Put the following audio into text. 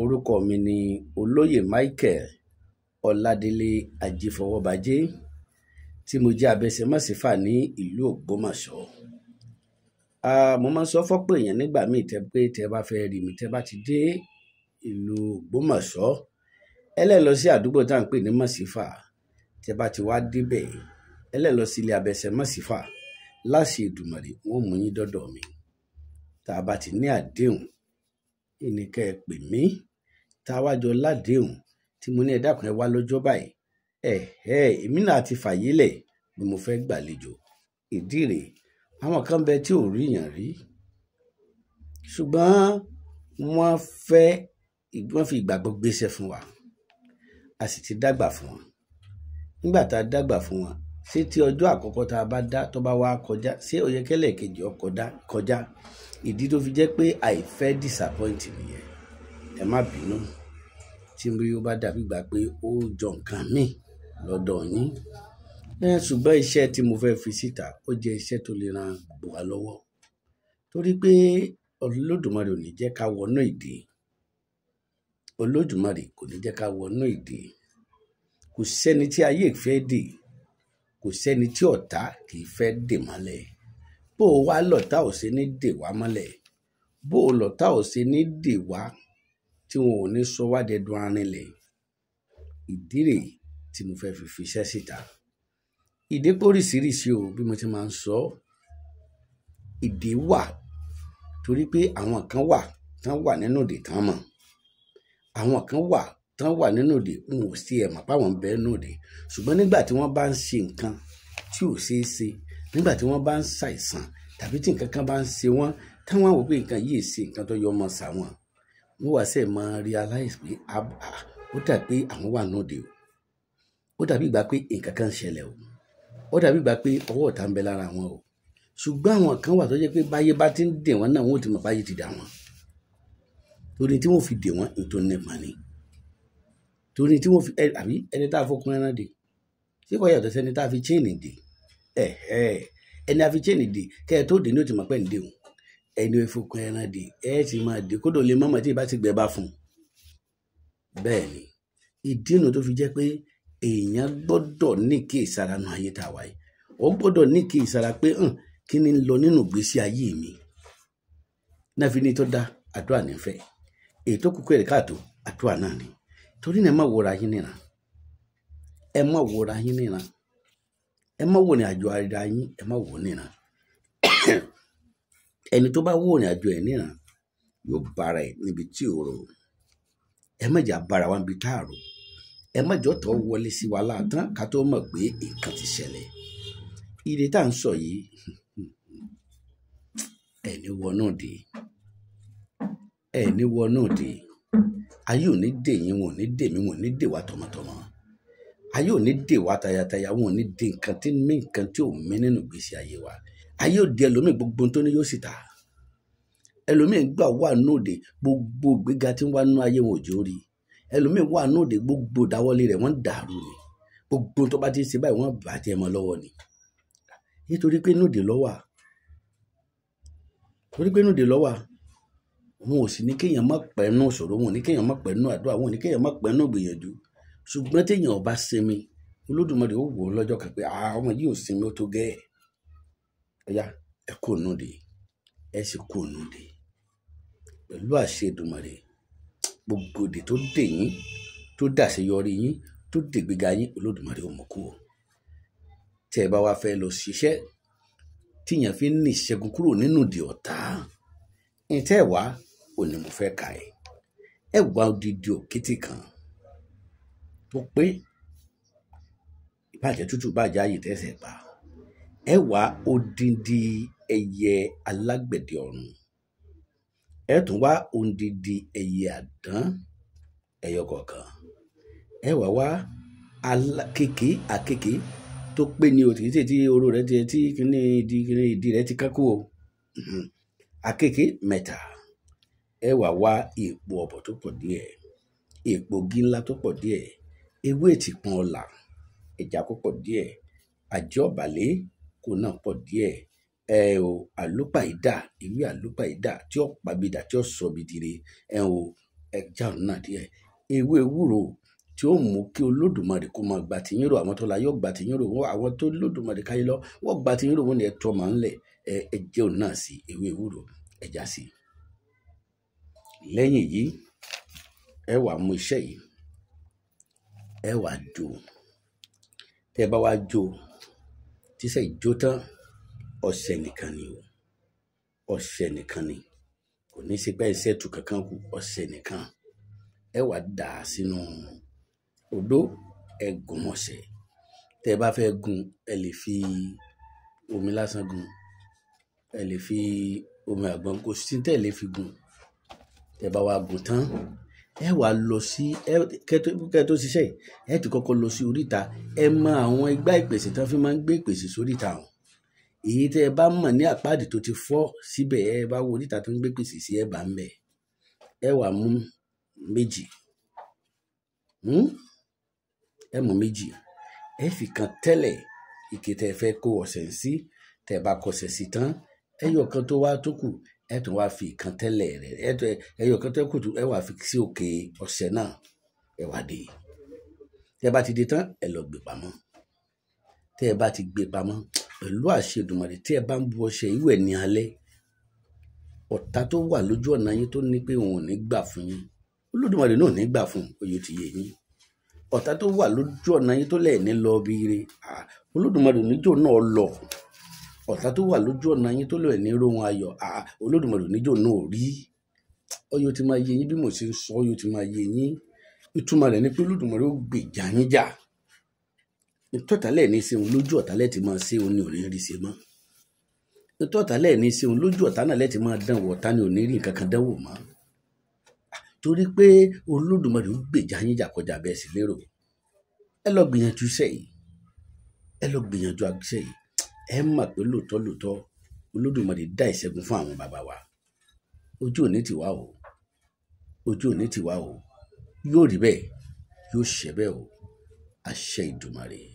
Orúkọ mi ni Olóyè Michael Ọládélé Ajífọwọ́bajé tí mo jẹ́ abẹsẹmọ́sífà ní ìlú Ògbómọ̀ṣọ́. A, mo máa ń sọ fọ́pọ̀ èèyàn nígbà míì tẹ́ pé tẹ́ bá fẹ́ rí mi tẹ́ bá ti dé ìlú Ògbómọ̀ṣọ́, ẹ lẹ́ lọ sí àdúgbò tá ń pè ní Mọ̀sífà. Tẹ́ bá ti wá débẹ̀, ẹ sí ilé abẹsẹmọ́sífà. Láṣẹ Èdùmàrè, wọ́n mú yín dọ́dọ̀ mi. Tá a bá ti ní àdéhùn ìníkẹ́ ẹ pè mí tá a wá jọ ládéhùn tí mo ní ẹ dákun ẹ wá lọ́jọ́ báyìí ẹ ẹ èmi náà ti fàyè lẹ̀ pé mo fẹ́ gbàlejò ìdí rèé àwọn kan bẹ tí ò ríyàn rí ṣùgbọ́n wọ́n fẹ́ wọ́n fi ìgbàgbọ́ gbéṣẹ́ fún wa a sì ti dágbà fún wọn nígbà tá a dágbà fún wọn ṣé tí ọjọ́ àkọ́kọ́ tá a bá dá tó bá wá kọjá ṣé ó yẹ kẹ́lẹ̀ kejì ó kọjá ìdí tó fi jẹ́ pé àìfẹ́ disappoint nìyẹn ẹ má bínú tí mo yóò bá dàbí gbà pé ó jọ nǹkan míì lọ́dọ̀ yín ṣùgbọ́n iṣẹ́ tí mo fẹ́ fi síta ó jẹ́ iṣẹ́ tó lè ran gbogbo wa torí pé olódùmarè ò ní jẹ́ ká wọnú ìdè olódùmarè kò ní jẹ́ ká wọnú ìdè kò sẹ́ni tí ayé ìfẹ́ dè kò sẹ́ni tí ọ̀tá kì í fẹ́ dè mọ́lẹ̀ bó o wá lọ̀tá ò ṣe ní dè wá mọ́lẹ̀ bó o lọ̀tá ò ṣe ní dè wá tí wọn ò ní sọ wá dẹdun arinlẹ̀ ìdí rèé tí mo fẹ́ fi fiṣẹ́ síta ìdí póríṣiríṣi o bí mo ti máa ń sọ ìdí wà torí pé àwọn kan wà tán wà nínú ìdè tán mọ̀ àwọn kan wà tán wà nínú òde n ò sí ẹ̀ mọ̀ páwọn ń bẹ nínú òde ṣùgbọ́n nígbà tí wọ́n bá ń ṣe nǹkan tí ò ṣeé ṣe nígbà tí wọ́n bá ń ṣàìsàn tàbí tí nǹkan kan bá ń ṣe wọ́n táwọn àwọn pé nǹkan yìí ṣe nǹkan tó yọ ọmọ sàwọn wọ́n wá sẹ́ẹ̀ máa realize pé ó dà àwọn wà nínú òde o ó dàbí ìgbà pé nǹkan kan ń ṣẹlẹ̀ o ó dàbí ìgbà pé ọwọ́ ọ̀tá ń bẹ lára wọn o ṣùgbọ́n àwọn kan wà tó jẹ́ pé báyé bá ti ń dè wọ́n náà wọ́n ti mọ̀ báyé ti dà wọ́n torí tí wọ́n fi dè wọ́n ètò nípa ni torí tí wọ́n fi àbí ẹni tá a fọkùn ẹran dè ṣé kò yàtọ̀ sẹ́ni tá a fi chain dè ẹ̀ ẹ̀ ẹni a fi chain dè kẹ́ ẹ tó dè ní òtún mọ̀ pẹ́ ń dèun ẹni ẹ fọkùn ẹran dè ẹ ti máa dè kódò lè mọ́mọ́ tí ì bá ti gbẹ bá fún un bẹ́ẹ̀ ni ìdínà tó fi jẹ́ pé èèyàn gbọ́dọ̀ ní kí ìsara nu ayé tá a wáyé ó gbọ́dọ̀ ní kí ìsara pé hàn kí ni lọ nínú ìgbésí ayé mi náà fi ní tó dá àdúrà nífẹ̀ẹ́ èyí tó kúkú ẹ̀rí káàtó àdúrà náà ni. torí náà ẹ má wòra yín nìran ẹ má wòra yín nìran ẹ má wò ní àjò ara yín ẹ má ẹni tó bá ní ẹ yóò bára ẹ níbi tí rò ẹ má jà bára wa níbi tá a rò ẹ má jọ wọlé sí wa láàtán ká tó mọ̀ pé nǹkan ti ṣẹlẹ̀ ìdè tá à ń sọ yìí ẹni wọnú di ẹni wọnú ayé ò ní dè yín wọn ò ní dè mí wọn ò ní dè wá tọmọtọmọ ayé ò ní dè wá tayataya wọn ò ní dè nǹkan tí mí nǹkan tí ò mí nínú gbèsè ayé wa ayé ò di ẹlòmíì gbogbo tó ní yóò sì ta ẹlòmíì gbà wà nóde gbogbo gbéga tí ń wá nú ayé wọn ò jó rí ẹlòmíì wà nóde gbogbo dáwọ́lé rẹ̀ wọ́n dàrú ni gbogbo tó bá ti ṣe báyìí wọ́n bá tiẹ̀ mọ́ lọ́wọ́ ni nítorí pé nóde ló wà torí pé nóde ló wà òun ò sì ní kéèyàn má pẹ́ẹ́nù ìṣòro òun ò ní kéèyàn má pẹ́ẹ́nù àdúrà òun ò ní kéèyàn má pẹ́ẹ́nù gbìyànjú ṣùgbọ́n téèyàn ò bá sinmi olódùmarè ó wò ó lọ́jọ́ kan pé àwọn yìí ò sinmi ó tó gẹ́ ẹ̀ ẹ̀yà ẹ kò nù de ẹ sì kò nù de pẹ̀lú àṣẹ Èdùmàrè gbogbo òde tó dè yín tó dàṣeyọrí yín tó dègbéga yín olódùmarè ó mú kú o tẹ́ ẹ bá wá fẹ́ lọ ṣiṣẹ́ tíyàn fi ń ní ìṣẹ́gun kúrò nínú ìdè ọ̀tá ẹ̀ òní mo fẹ́ kà ẹ́ ẹ wá odidi òkìtì kan tó pé ìbàjẹ́ tútù bàjẹ́ ààyè tẹ̀sẹ̀ pa ẹ wá odidi ẹyẹ alágbẹ̀dẹ ọ̀run ẹ tún wá odidi ẹyẹ àdán ẹyọ kọ̀ọ̀kan ẹ wá wá alákèké àkèké tó pé ní òtítì tí oró rẹ ti kíní ìdí rẹ ti kákó àkèké mẹ́ta ẹ wà wá èèpo ọ̀bọ̀ tó pọ̀ díẹ̀ èèpo gíńlá tó pọ̀ díẹ̀ ewé ètìpọn ọ̀là ẹja kó pọ̀ díẹ̀ àjọ ọ̀bàlẹ́ kó náà pọ̀ díẹ̀ ẹ o àlùpàìdà ewé àlùpàìdà tí ó pàbìdà tí ó sọ bìdìrè ẹ o ẹja ọ̀nà náà díẹ̀ ewé ewúro tí ó mú kí olódùmarè kó máa gbà tìyín rò àwọn tó la yóò gbà tìyín rò wọn àwọn tó lódùmarè káyé lọ wọn gbà tìyín rò wọn ni ẹ tọ́ máa ń lẹ̀ ẹ ẹ jẹun náà sí ewé ewúro ẹja sí i lẹ́yìn yìí ẹ wàá mú iṣẹ́ yìí ẹ wàá jó tẹ bá wàá jó tíṣẹ́ ìjó tán ọ̀sẹ̀ nìkan ni o ọ̀sẹ̀ nìkan ni kò ní í ṣe pé iṣẹ́ tu kankan kù ọ̀sẹ̀ nìkan ẹ wàá dà sínú odó ẹ gùn mọ̀ọ́sẹ̀ tẹ bá fẹ́ gun ẹ lè fi omi lásán gun ẹ lè fi omi àgbọn kò sí tẹ́ lè fi gun tẹ́ bá wa gùn tán ẹ wà lọ sí ẹ kẹ́ tó ṣiṣẹ́ ẹ ti kọ́kọ́ lọ sí oríta ẹ mọ àwọn igbá ìpèsè tán fi máa ń gbé ìpèsè sóríta ọ̀hún èyí tẹ́ ẹ bá mọ̀ ní àpáàdì tó ti fọ́ síbẹ̀ ẹ bá wo oríta tó ń gbé pèsè sí ẹ bá ń bẹ̀ ẹ wà mú méjì hmm? ẹ mú méjì ẹ fi kan tẹ́lẹ̀ ike tẹ́ fẹ́ kó ọ̀sẹ̀ sí tẹ́ bá kọsẹ̀ sí tán ẹ yọ kan tó wá tó kù ẹ tún wá fi ìkan tẹ́lẹ̀ rẹ̀ ẹ tún ẹyọ kan tẹ́kù tún ẹ wá fi sí òkè ọṣẹ náà ẹ wá dé tẹ́ bá ti dé tán ẹ lọ gbé pamọ́ tẹ́ bá ti gbé pamọ́ pẹ̀lú àṣẹ Èdùmàrè bá ń bu ọṣẹ ìwẹ̀ ní alẹ́ ọ̀tá tó wà lójú ọ̀nà yín tó ní pé òun ò ní gbà fún yín Olódùmarè náà ò ní gbà fún oyè ti yé yín ọ̀tá tó wà lójú ọ̀nà yín tó lẹ̀ ní lọ bí ire Olódùmarè oníjó náà lọ. ọ̀tá tó wà lójú ọ̀nà yín tó lọ́ọ̀ ní rohun ayọ̀ olódùmarè níjó náà rí ọyọ ti máa yé yín bí mo ṣe ń sọ ọyọ ti máa yé yín ìtumọ̀ rẹ̀ ni pé gbèjà yín jà ní lójú ti máa òní rí mọ́ ní lójú ọ̀tá dánwò ọ̀tá ní òní rí nǹkan kan mọ́ gbèjà ẹ mà pé lóòótọ́ lóòótọ́ olódùmarè dá ìṣẹ́gun fún àwọn bàbá wa ojú òní tiwa o ojú òní tiwa o yóò rí bẹ́ẹ̀ yóò ṣe bẹ́ẹ̀ o àṣẹ Ìdùmarè.